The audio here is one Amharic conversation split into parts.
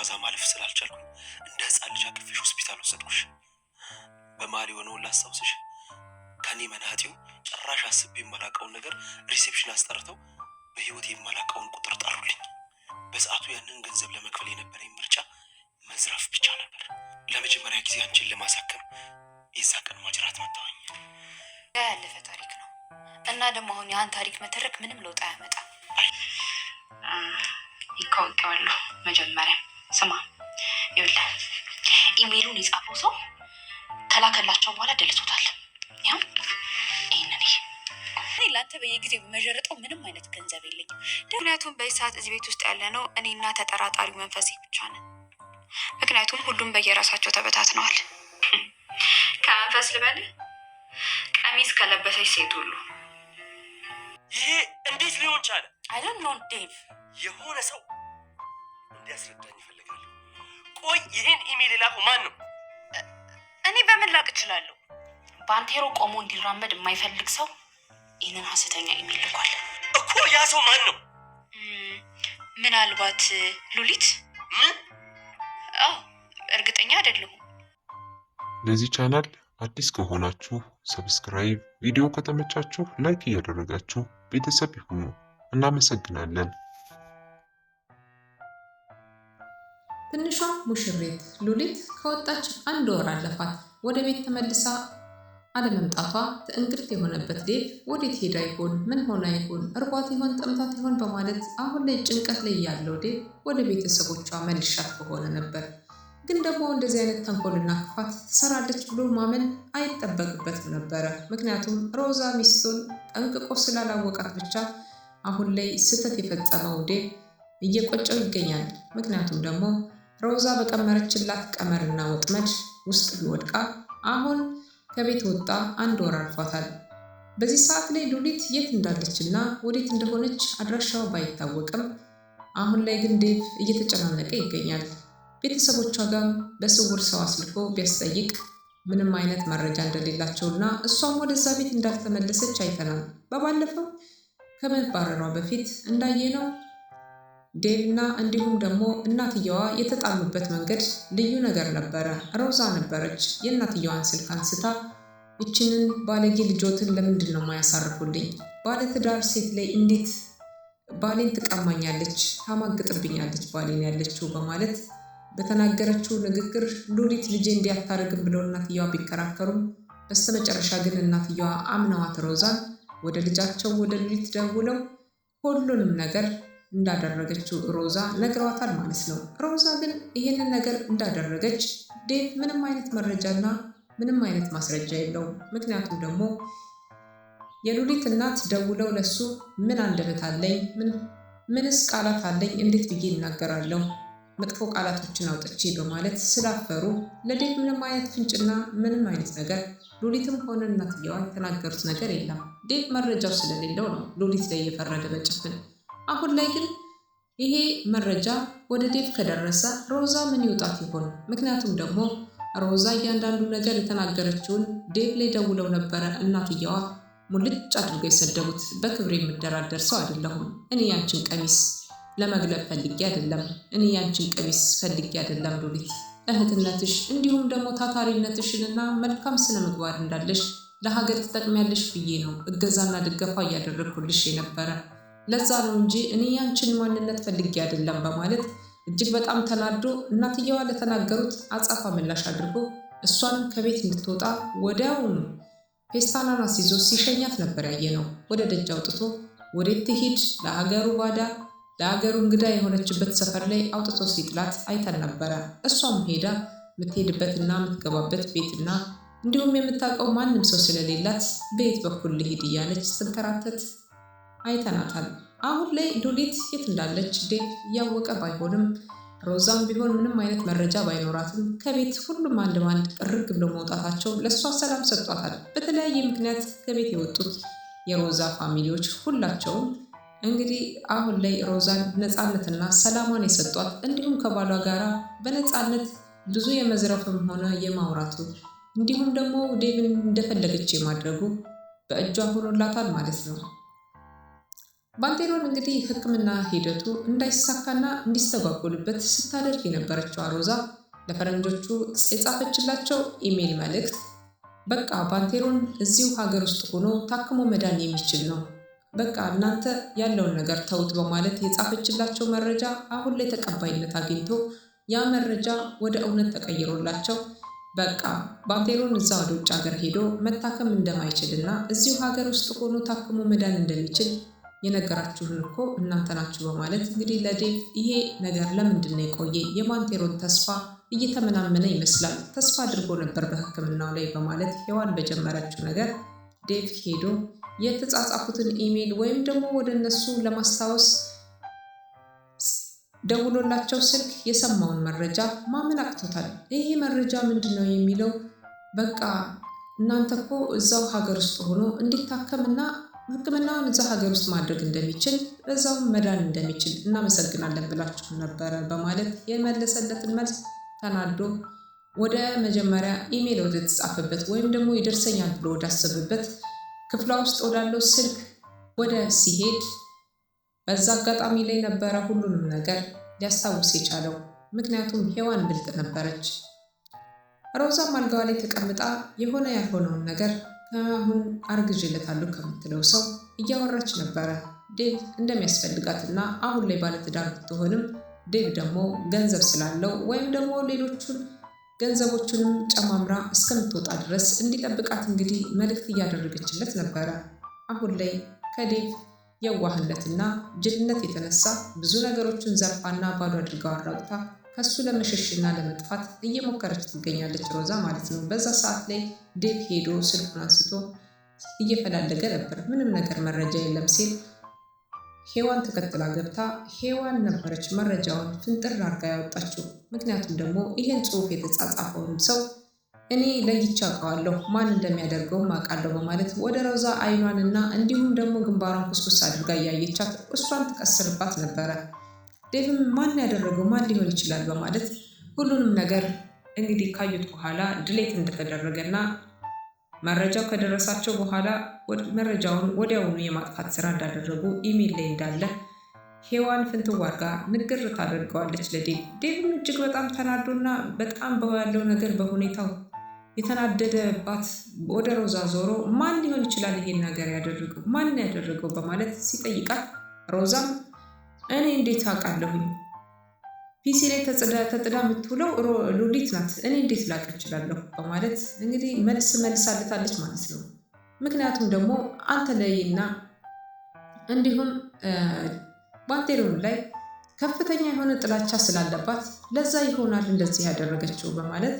ዋዛ ማለፍ ስላልቻልኩኝ እንደ ህፃን ልጅ አቅፌሽ ሆስፒታል ወሰድኩሽ። በመሀል የሆነውን ላስታውስሽ። ከኔ መናህቴው ጭራሽ አስቤ የማላቀውን ነገር ሪሴፕሽን አስጠርተው በህይወት የማላቀውን ቁጥር ጠሩልኝ። በሰዓቱ ያንን ገንዘብ ለመክፈል የነበረኝ ምርጫ መዝረፍ ብቻ ነበር። ለመጀመሪያ ጊዜ አንቺን ለማሳከም የዛ ቀን ማጅራት መታወኝ። ያለፈ ታሪክ ነው እና ደግሞ አሁን ያን ታሪክ መተረክ ምንም ለውጥ አያመጣም። ይካወቀዋለሁ መጀመሪያ ስማ ይኸውልህ፣ ኢሜሉን የጻፈው ሰው ከላከላቸው በኋላ ደልሶታል። ያም ይህንን ለአንተ በየጊዜው ምንም አይነት ገንዘብ የለኝም። ምክንያቱም በዚህ ሰዓት እዚህ ቤት ውስጥ ያለ ነው እኔና ተጠራጣሪው መንፈሴ ብቻ ነን። ምክንያቱም ሁሉም በየራሳቸው ተበታትነዋል። ከመንፈስ ልበል ቀሚስ ከለበሰች ሴት ሁሉ ይሄ እንዴት ሊሆን ቻለ? አይደም ኖን ዴቭ የሆነ ሰው ሊያስረዳኝ ይፈልጋል። ቆይ ይህን ኢሜል የላከው ማን ነው? እኔ በምን ላቅ እችላለሁ? ባንቴሮ ቆሞ እንዲራመድ የማይፈልግ ሰው ይህንን ሀሰተኛ ኢሜል ልኳል እኮ። ያ ሰው ማን ነው? ምናልባት ሉሊት? እርግጠኛ አይደለሁም። ለዚህ ቻናል አዲስ ከሆናችሁ ሰብስክራይብ፣ ቪዲዮ ከተመቻችሁ ላይክ እያደረጋችሁ ቤተሰብ ይሁኑ። እናመሰግናለን። ሙሽሪት ሉሊት ከወጣች አንድ ወር አለፋት። ወደ ቤት ተመልሳ አለመምጣቷ ትእንግርት የሆነበት ዴቭ ወዴት ሄዳ ይሆን? ምን ሆና ይሆን? እርቧት ይሆን? ጠምታት ይሆን? በማለት አሁን ላይ ጭንቀት ላይ ያለው ዴቭ ወደ ቤተሰቦቿ መልሻት በሆነ ነበር። ግን ደግሞ እንደዚህ አይነት ተንኮልና ክፋት ትሰራለች ብሎ ማመን አይጠበቅበትም ነበረ። ምክንያቱም ሮዛ ሚስቱን ጠንቅቆ ስላላወቃት ብቻ አሁን ላይ ስህተት የፈጸመው ዴቭ እየቆጨው ይገኛል። ምክንያቱም ደግሞ ሮዛ በቀመረችላት ቀመርና ወጥመድ ውስጥ ቢወድቃ አሁን ከቤት ወጣ አንድ ወር አልፏታል። በዚህ ሰዓት ላይ ሉሊት የት እንዳለች እና ወዴት እንደሆነች አድራሻው ባይታወቅም አሁን ላይ ግን ዴቭ እየተጨናነቀ ይገኛል። ቤተሰቦቿ ጋር በስውር ሰው አስልኮ ቢያስጠይቅ ምንም አይነት መረጃ እንደሌላቸው ና እሷም ወደዛ ቤት እንዳልተመለሰች አይተናል። በባለፈው ከመባረሯ በፊት እንዳየነው ዴልና እንዲሁም ደግሞ እናትየዋ የተጣሉበት መንገድ ልዩ ነገር ነበረ። ሮዛ ነበረች የእናትየዋን ስልክ አንስታ ይችንን ባለጌ ልጆትን ለምንድን ነው ማያሳርፉልኝ? ባለትዳር ሴት ላይ እንዴት ባሌን ትቀማኛለች፣ ታማግጥብኛለች ባሌን ያለችው በማለት በተናገረችው ንግግር ሉሊት ልጄ እንዲያታርግም ብለው እናትየዋ ቢከራከሩም በስተመጨረሻ ግን እናትየዋ አምነዋት ሮዛን ወደ ልጃቸው ወደ ሉሊት ደውለው ሁሉንም ነገር እንዳደረገችው ሮዛ ነግሯታል ማለት ነው። ሮዛ ግን ይህንን ነገር እንዳደረገች ዴቭ ምንም አይነት መረጃና ምንም አይነት ማስረጃ የለውም። ምክንያቱም ደግሞ የሉሊት እናት ደውለው ለሱ ምን አንደበት አለኝ፣ ምንስ ቃላት አለኝ፣ እንዴት ብዬ ይናገራለሁ መጥፎ ቃላቶችን አውጥቼ በማለት ስላፈሩ ለዴቭ ምንም አይነት ፍንጭና ምንም አይነት ነገር ሉሊትም ሆነ እናትየዋ የተናገሩት ነገር የለም። ዴቭ መረጃው ስለሌለው ነው ሉሊት ላይ የፈረደ በጭፍን አሁን ላይ ግን ይሄ መረጃ ወደ ዴቭ ከደረሰ ሮዛ ምን ይውጣት ይሆን? ምክንያቱም ደግሞ ሮዛ እያንዳንዱ ነገር የተናገረችውን ዴቭ ላይ ደውለው ነበረ እናትየዋ ሙልጭ አድርገው የሰደቡት። በክብር የምደራደር ሰው አይደለሁም። እኔ ያንችን ቀሚስ ለመግለብ ፈልጌ አይደለም። እኔ ያንችን ቀሚስ ፈልጌ አይደለም ሉሊት እህትነትሽ እንዲሁም ደግሞ ታታሪነትሽንና መልካም ስነ ምግባር እንዳለሽ ለሀገር ትጠቅሚያለሽ ብዬ ነው እገዛና ድገፋ እያደረግኩልሽ የነበረ ለዛ ነው እንጂ እኔ ያንችን ማንነት ፈልጌ አይደለም በማለት እጅግ በጣም ተናዶ እናትየዋ ለተናገሩት አጻፋ ምላሽ አድርጎ እሷን ከቤት እንድትወጣ ወዲያውኑ ፔስታናን አስይዞ ሲሸኛት ነበር ያየ ነው ወደ ደጅ አውጥቶ ወዴት ትሂድ ለሀገሩ ባዳ ለሀገሩ እንግዳ የሆነችበት ሰፈር ላይ አውጥቶ ሲጥላት አይተን ነበረ። እሷም ሄዳ የምትሄድበትና የምትገባበት ቤትና እንዲሁም የምታውቀው ማንም ሰው ስለሌላት በየት በኩል ልሂድ እያለች ስትንከራተት አይተናታል። አሁን ላይ ዶሊት የት እንዳለች ዴቭ እያወቀ ባይሆንም ሮዛም ቢሆን ምንም አይነት መረጃ ባይኖራትም ከቤት ሁሉም አንድ ማንድ ጥርግ ብሎ መውጣታቸው ለእሷ ሰላም ሰጧታል። በተለያየ ምክንያት ከቤት የወጡት የሮዛ ፋሚሊዎች ሁላቸውም እንግዲህ አሁን ላይ ሮዛን ነፃነትና ሰላሟን የሰጧት እንዲሁም ከባሏ ጋር በነፃነት ብዙ የመዝረፍም ሆነ የማውራቱ እንዲሁም ደግሞ ዴቭን እንደፈለገች የማድረጉ በእጇ ሆኖላታል ማለት ነው። ባንቴሮን እንግዲህ ህክምና ሂደቱ እንዳይሳካና እንዲስተጓጎልበት ስታደርግ የነበረችው ሮዛ ለፈረንጆቹ የጻፈችላቸው ኢሜይል መልእክት በቃ ባንቴሮን እዚሁ ሀገር ውስጥ ሆኖ ታክሞ መዳን የሚችል ነው፣ በቃ እናንተ ያለውን ነገር ተውት በማለት የጻፈችላቸው መረጃ አሁን ላይ ተቀባይነት አግኝቶ ያ መረጃ ወደ እውነት ተቀይሮላቸው በቃ ባንቴሮን እዛ ወደ ውጭ ሀገር ሄዶ መታከም እንደማይችል እና እዚሁ ሀገር ውስጥ ሆኖ ታክሞ መዳን እንደሚችል የነገራችሁን እኮ እናንተ ናችሁ በማለት እንግዲህ ለዴቭ ይሄ ነገር ለምንድን ነው የቆየ? የማንቴሮን ተስፋ እየተመናመነ ይመስላል። ተስፋ አድርጎ ነበር በሕክምናው ላይ በማለት ሔዋን በጀመረችው ነገር ዴቭ ሄዶ የተጻጻፉትን ኢሜይል ወይም ደግሞ ወደ እነሱ ለማስታወስ ደውሎላቸው ስልክ የሰማውን መረጃ ማመን አቅቶታል። ይሄ መረጃ ምንድን ነው የሚለው በቃ እናንተ እኮ እዛው ሀገር ውስጥ ሆኖ እንዲታከምና ሕክምናውን እዛ ሀገር ውስጥ ማድረግ እንደሚችል በዛው መዳን እንደሚችል እናመሰግናለን ብላችሁ ነበረ በማለት የመለሰለትን መልስ ተናዶ ወደ መጀመሪያ ኢሜይል ተጻፈበት ወይም ደግሞ ይደርሰኛል ብሎ ወዳሰብበት ክፍሏ ውስጥ ወዳለው ስልክ ወደ ሲሄድ በዛ አጋጣሚ ላይ ነበረ ሁሉንም ነገር ሊያስታውስ የቻለው። ምክንያቱም ሔዋን ብልጥ ነበረች። ሮዛም አልጋዋ ላይ ተቀምጣ የሆነ ያልሆነውን ነገር አሁን አርግዤለታለሁ ከምትለው ሰው እያወራች ነበረ። ዴቭ እንደሚያስፈልጋትና አሁን ላይ ባለትዳር ብትሆንም ዴቭ ደግሞ ገንዘብ ስላለው ወይም ደግሞ ሌሎቹን ገንዘቦቹንም ጨማምራ እስከምትወጣ ድረስ እንዲጠብቃት እንግዲህ መልእክት እያደረገችለት ነበረ። አሁን ላይ ከዴቭ የዋህነትና ጅልነት የተነሳ ብዙ ነገሮችን ዘርፋና ባዶ አድርጋ አራውታ ከሱ ለመሸሽና ለመጥፋት እየሞከረች ትገኛለች ሮዛ ማለት ነው። በዛ ሰዓት ላይ ዴቭ ሄዶ ስልኩን አንስቶ እየፈላለገ ነበር። ምንም ነገር መረጃ የለም ሲል ሄዋን ተከትላ ገብታ ሄዋን ነበረች መረጃውን ፍንጥር አርጋ ያወጣችው። ምክንያቱም ደግሞ ይህን ጽሑፍ የተጻጻፈውን ሰው እኔ ለይቼ አውቀዋለሁ ማን እንደሚያደርገው አውቃለሁ በማለት ወደ ሮዛ አይኗንና እንዲሁም ደግሞ ግንባሯን ኩስኩስ አድርጋ እያየቻት እሷን ትቀስርባት ነበረ። ዴቭም ማን ያደረገው ማን ሊሆን ይችላል በማለት ሁሉንም ነገር እንግዲህ ካዩት በኋላ ድሌት እንደተደረገና መረጃው ከደረሳቸው በኋላ መረጃውን ወዲያውኑ የማጥፋት ስራ እንዳደረጉ ኢሜል ላይ እንዳለ ሄዋን ፍንትዋር ጋር ንግር ታደርገዋለች ለዴቭ። ዴቭም እጅግ በጣም ተናዶና በጣም በያለው ነገር በሁኔታው የተናደደባት ወደ ሮዛ ዞሮ ማን ሊሆን ይችላል ይሄን ነገር ያደረገው ማን ያደረገው በማለት ሲጠይቃት ሮዛም እኔ እንዴት አውቃለሁኝ? ፒሲ ላይ ተጥዳ የምትውለው ሉሊት ናት፣ እኔ እንዴት ላቅ እችላለሁ? በማለት እንግዲህ መልስ መልሳለታለች ማለት ነው። ምክንያቱም ደግሞ አንተ ላይና እንዲሁም ባንቴሪውን ላይ ከፍተኛ የሆነ ጥላቻ ስላለባት ለዛ ይሆናል እንደዚህ ያደረገችው በማለት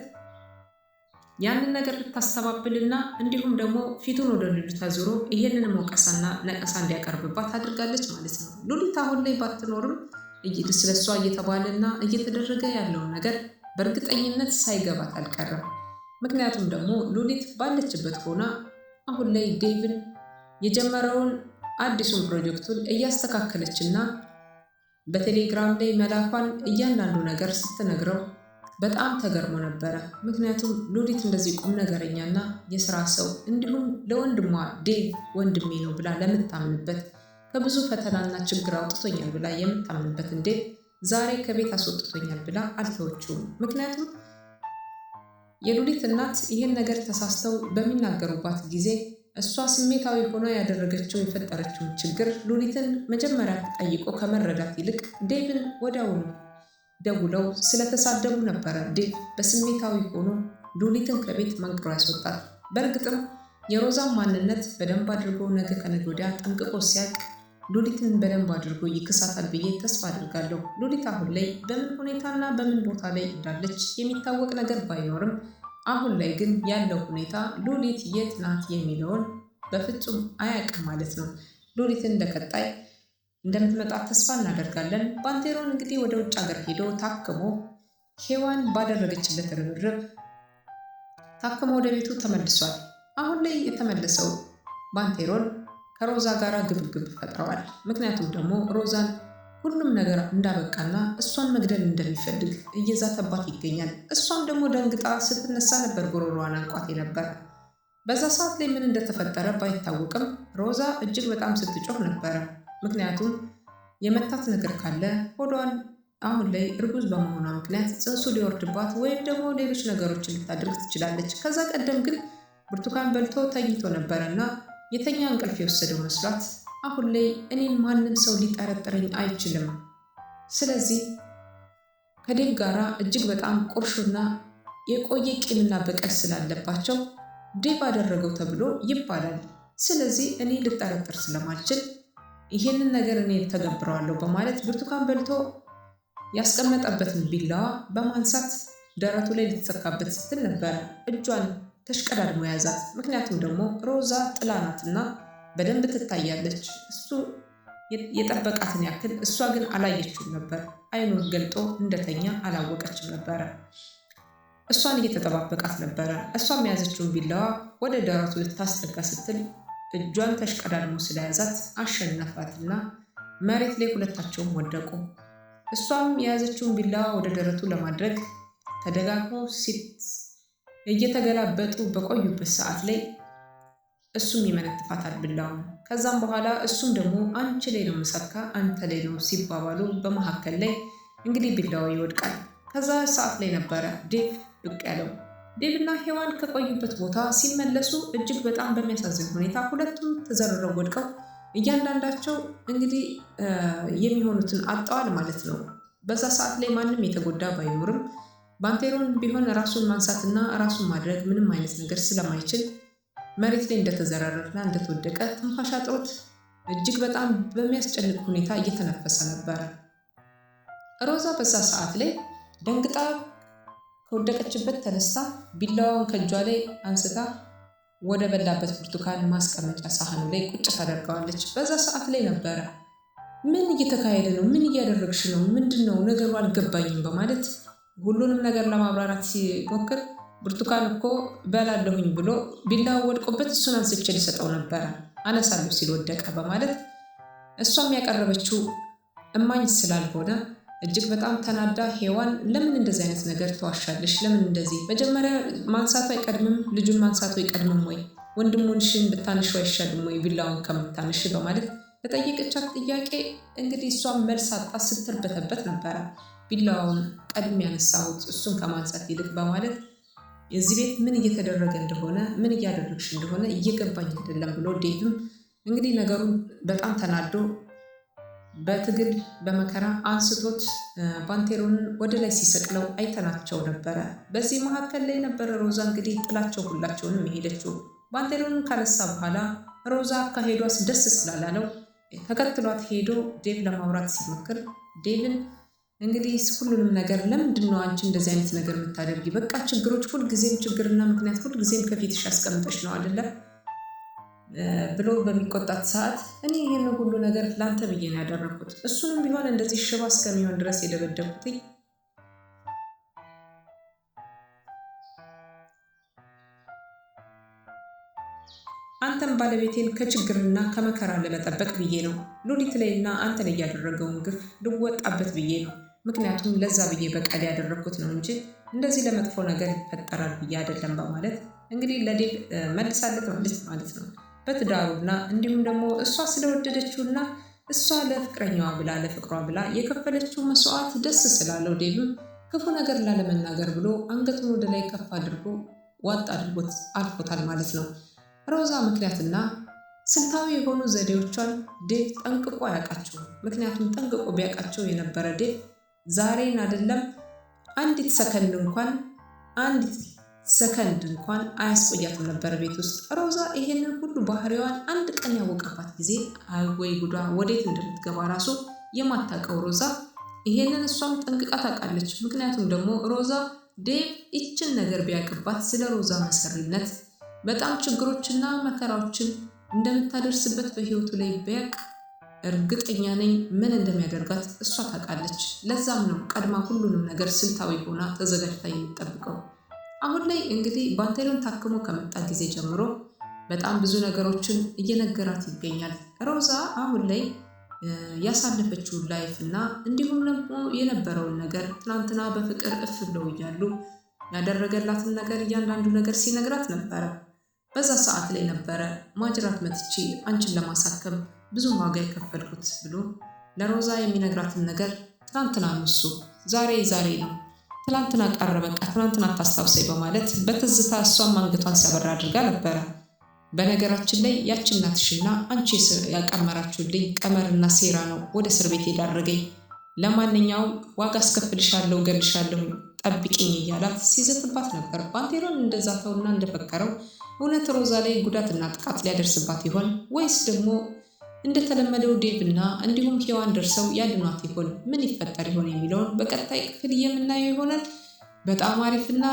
ያንን ነገር ልታስተባብልና እንዲሁም ደግሞ ፊቱን ወደ ሉሊት አዙሮ ይህንን ወቀሳና ነቀሳ እንዲያቀርብባት አድርጋለች ማለት ነው። ሉሊት አሁን ላይ ባትኖርም ስለሷ እየተባለና እየተደረገ ያለውን ነገር በእርግጠኝነት ሳይገባት አልቀረም። ምክንያቱም ደግሞ ሉሊት ባለችበት ሆና አሁን ላይ ዴቭን የጀመረውን አዲሱን ፕሮጀክቱን እያስተካከለችና በቴሌግራም ላይ መላኳን እያንዳንዱ ነገር ስትነግረው በጣም ተገርሞ ነበረ። ምክንያቱም ሉሊት እንደዚህ ቁም ነገረኛና የስራ ሰው እንዲሁም ለወንድሟ ዴ ወንድሜ ነው ብላ ለምታምንበት ከብዙ ፈተናና ችግር አውጥቶኛል ብላ የምታምንበት እንዴ ዛሬ ከቤት አስወጥቶኛል ብላ አልተወችውም። ምክንያቱም የሉሊት እናት ይህን ነገር ተሳስተው በሚናገሩባት ጊዜ እሷ ስሜታዊ ሆና ያደረገችው የፈጠረችውን ችግር ሉሊትን መጀመሪያ ጠይቆ ከመረዳት ይልቅ ዴቭን ወዲያውኑ ደውለው ስለተሳደቡ ነበረ ዴቭ በስሜታዊ ሆኖ ሉሊትን ከቤት መንቅሮ ያስወጣል። በእርግጥም የሮዛን ማንነት በደንብ አድርጎ ነገ ከነገ ወዲያ ጠንቅቆ ሲያቅ ሉሊትን በደንብ አድርጎ ይክሳታል ብዬ ተስፋ አድርጋለሁ። ሉሊት አሁን ላይ በምን ሁኔታና በምን ቦታ ላይ እንዳለች የሚታወቅ ነገር ባይኖርም፣ አሁን ላይ ግን ያለው ሁኔታ ሉሊት የት ናት የሚለውን በፍጹም አያውቅም ማለት ነው። ሉሊትን ለቀጣይ እንደምትመጣ ተስፋ እናደርጋለን። ባንቴሮን እንግዲህ ወደ ውጭ ሀገር ሄዶ ታክሞ ሄዋን ባደረገችለት ርብርብ ታክሞ ወደ ቤቱ ተመልሷል። አሁን ላይ የተመለሰው ባንቴሮን ከሮዛ ጋር ግብግብ ፈጥረዋል። ምክንያቱም ደግሞ ሮዛን ሁሉም ነገር እንዳበቃና እሷን መግደል እንደሚፈልግ እየዛተባት ይገኛል። እሷም ደግሞ ደንግጣ ስትነሳ ነበር ጉሮሮዋን አንቋቴ ነበር። በዛ ሰዓት ላይ ምን እንደተፈጠረ ባይታወቅም ሮዛ እጅግ በጣም ስትጮህ ነበረ። ምክንያቱም የመታት ነገር ካለ ሆዷን አሁን ላይ እርጉዝ በመሆኗ ምክንያት ጽንሱ ሊወርድባት ወይም ደግሞ ሌሎች ነገሮችን ልታደርግ ትችላለች። ከዛ ቀደም ግን ብርቱካን በልቶ ተኝቶ ነበረ እና የተኛ እንቅልፍ የወሰደው መስሏት አሁን ላይ እኔን ማንም ሰው ሊጠረጥረኝ አይችልም። ስለዚህ ከዴቭ ጋራ እጅግ በጣም ቁርሾና የቆየ ቂምና በቀል ስላለባቸው ዴቭ አደረገው ተብሎ ይባላል። ስለዚህ እኔ ልጠረጥር ስለማልችል ይሄንን ነገር እኔ ተገብረዋለሁ በማለት ብርቱካን በልቶ ያስቀመጠበትን ቢላዋ በማንሳት ደረቱ ላይ ልትሰካበት ስትል ነበረ እጇን ተሽቀዳድሞ ያዛት። ምክንያቱም ደግሞ ሮዛ ጥላ ናትና በደንብ ትታያለች። እሱ የጠበቃትን ያክል እሷ ግን አላየችውም ነበር። አይኑን ገልጦ እንደተኛ አላወቀችም ነበረ። እሷን እየተጠባበቃት ነበረ። እሷም የያዘችውን ቢላዋ ወደ ደረቱ ልታስጠጋ ስትል እጇን ተሽቀዳድሞ ስለያዛት አሸነፋትና መሬት ላይ ሁለታቸውም ወደቁ። እሷም የያዘችውን ቢላዋ ወደ ደረቱ ለማድረግ ተደጋግሞ ሲት እየተገላበጡ በቆዩበት ሰዓት ላይ እሱም ይመነጥፋታል ቢላዋም። ከዛም በኋላ እሱም ደግሞ አንቺ ላይ ነው ምሰካ፣ አንተ ላይ ነው ሲባባሉ በመካከል ላይ እንግዲህ ቢላዋ ይወድቃል። ከዛ ሰዓት ላይ ነበረ ዴቭ ብቅ ያለው። ድልና ሔዋን ከቆዩበት ቦታ ሲመለሱ እጅግ በጣም በሚያሳዝን ሁኔታ ሁለቱም ተዘርረው ወድቀው እያንዳንዳቸው እንግዲህ የሚሆኑትን አጠዋል ማለት ነው። በዛ ሰዓት ላይ ማንም የተጎዳ ባይኖርም ባንቴሮን ቢሆን ራሱን ማንሳትና ራሱን ማድረግ ምንም አይነት ነገር ስለማይችል መሬት ላይ እንደተዘረረና እንደተወደቀ ትንፋሽ አጥሮት እጅግ በጣም በሚያስጨንቅ ሁኔታ እየተነፈሰ ነበር። ሮዛ በዛ ሰዓት ላይ ደንግጣ ከወደቀችበት ተነሳ፣ ቢላዋን ከእጇ ላይ አንስታ ወደ በላበት ብርቱካን ማስቀመጫ ሳህኑ ላይ ቁጭ ታደርገዋለች። በዛ ሰዓት ላይ ነበረ ምን እየተካሄደ ነው? ምን እያደረግሽ ነው? ምንድን ነው ነገሩ? አልገባኝም በማለት ሁሉንም ነገር ለማብራራት ሲሞክር ብርቱካን እኮ በላለሁኝ ብሎ ቢላዋ ወድቆበት እሱን አንስቼ ሊሰጠው ነበረ አነሳለሁ ሲል ወደቀ በማለት እሷም ያቀረበችው እማኝ ስላልሆነ እጅግ በጣም ተናዳ ሄዋን ለምን እንደዚህ አይነት ነገር ተዋሻለሽ? ለምን እንደዚህ መጀመሪያ ማንሳቱ አይቀድምም? ልጁን ማንሳቱ አይቀድምም ወይ? ወንድሙንሽን ብታንሽ አይሻልም ወይ ቢላውን ከምታንሽ በማለት ለጠየቀቻት ጥያቄ እንግዲህ እሷ መልስ አጣ ስትርበተበት ነበረ። ቢላውን ቀድሜ ያነሳሁት እሱን ከማንሳት ይልቅ በማለት የዚህ ቤት ምን እየተደረገ እንደሆነ ምን እያደረግሽ እንደሆነ እየገባኝ አይደለም ብሎ ዴቭም እንግዲህ ነገሩን በጣም ተናዶ በትግል በመከራ አንስቶት ባንቴሮንን ወደ ላይ ሲሰቅለው አይተናቸው ነበረ። በዚህ መካከል ላይ ነበረ ሮዛ እንግዲህ ጥላቸው ሁላቸውንም የሄደችው። ባንቴሮንን ካነሳ በኋላ ሮዛ ከሄዷስ ደስ ስላላለው ተከትሏት ሄዶ ዴቭ ለማውራት ሲሞክር ዴቭን እንግዲህ ሁሉንም ነገር ለምንድን ነው አንቺ እንደዚህ አይነት ነገር የምታደርጊ? በቃ ችግሮች ሁልጊዜም ችግርና ምክንያት ሁልጊዜም ከፊትሽ አስቀምጠሽ ነው አይደለም ብሎ በሚቆጣት ሰዓት እኔ ይህን ሁሉ ነገር ላንተ ብዬ ነው ያደረግኩት፣ እሱንም ቢሆን እንደዚህ ሽባ እስከሚሆን ድረስ የደበደብኩትኝ አንተም ባለቤቴን ከችግርና ከመከራ ለመጠበቅ ብዬ ነው። ሉሊት ላይና አንተ ላይ ያደረገውን ግፍ ልወጣበት ብዬ ነው። ምክንያቱም ለዛ ብዬ በቀል ያደረግኩት ነው እንጂ እንደዚህ ለመጥፎ ነገር ይፈጠራል ብዬ አይደለም፣ በማለት እንግዲህ ለዴብ መልሳለት ማለት ነው። በትዳሩና እንዲሁም ደግሞ እሷ ስለወደደችውና እሷ ለፍቅረኛዋ ብላ ለፍቅሯ ብላ የከፈለችው መስዋዕት ደስ ስላለው ዴቭም ክፉ ነገር ላለመናገር ብሎ አንገቱን ወደ ላይ ከፍ አድርጎ ዋጥ አድርጎት አልፎታል ማለት ነው። ሮዛ ምክንያትና ስልታዊ የሆኑ ዘዴዎቿን ዴቭ ጠንቅቆ አያውቃቸው። ምክንያቱም ጠንቅቆ ቢያውቃቸው የነበረ ዴቭ ዛሬን አይደለም አንዲት ሰከንድ እንኳን አንዲት ሰከንድ እንኳን አያስቆያትም ነበር ቤት ውስጥ። ሮዛ ይሄንን ሁሉ ባህሪዋን አንድ ቀን ያወቀባት ጊዜ አይወይ ጉዷ ወዴት እንደምትገባ ራሱ የማታውቀው ሮዛ ይሄንን እሷም ጠንቅቃ ታውቃለች። ምክንያቱም ደግሞ ሮዛ ዴቭ ይችን ነገር ቢያቅባት ስለ ሮዛ መሰሪነት በጣም ችግሮችና መከራዎችን እንደምታደርስበት በህይወቱ ላይ ቢያቅ እርግጠኛ ነኝ ምን እንደሚያደርጋት እሷ ታውቃለች። ለዛም ነው ቀድማ ሁሉንም ነገር ስልታዊ ሆና ተዘጋጅታ የምጠብቀው። አሁን ላይ እንግዲህ ባንቴሮን ታክሞ ከመጣ ጊዜ ጀምሮ በጣም ብዙ ነገሮችን እየነገራት ይገኛል። ሮዛ አሁን ላይ ያሳለፈችውን ላይፍ እና እንዲሁም ደግሞ የነበረውን ነገር ትናንትና በፍቅር እፍ ብለው እያሉ ያደረገላትን ነገር እያንዳንዱ ነገር ሲነግራት ነበረ። በዛ ሰዓት ላይ ነበረ ማጅራት መትቼ አንቺን ለማሳከም ብዙ ዋጋ የከፈልኩት ብሎ ለሮዛ የሚነግራትን ነገር ትናንትና እሱ ዛሬ ዛሬ ነው ትናንትና ቀረ፣ በቃ ትናንትና አታስታውሰኝ በማለት በትዝታ እሷም አንገቷን ሰበር አድርጋ ነበረ። በነገራችን ላይ ያቺ እናትሽና አንቺ ያቀመራችሁልኝ ቀመርና ሴራ ነው ወደ እስር ቤት የዳረገኝ። ለማንኛውም ዋጋ አስከፍልሻለሁ፣ ገልሻለሁ፣ ጠብቂኝ እያላት ሲዘትባት ነበር። ባንቴሮን እንደዛተውና እንደፈከረው እውነት ሮዛ ላይ ጉዳትና ጥቃት ሊያደርስባት ይሆን ወይስ ደግሞ እንደተለመደው ዴቭ እና እንዲሁም ሄዋን ደርሰው ያድኗት ይሆን? ምን ይፈጠር ይሆን የሚለውን በቀጣይ ክፍል የምናየው ይሆናል። በጣም አሪፍና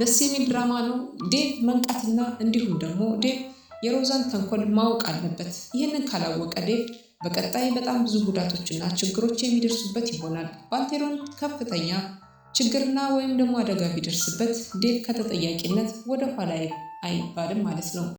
ደስ የሚል ድራማ ነው። ዴቭ መንቃትና እንዲሁም ደግሞ ዴቭ የሮዛን ተንኮል ማወቅ አለበት። ይህንን ካላወቀ ዴቭ በቀጣይ በጣም ብዙ ጉዳቶችና ችግሮች የሚደርሱበት ይሆናል። ባንቴሮን ከፍተኛ ችግርና ወይም ደግሞ አደጋ ቢደርስበት ዴቭ ከተጠያቂነት ወደኋላ አይባልም ማለት ነው።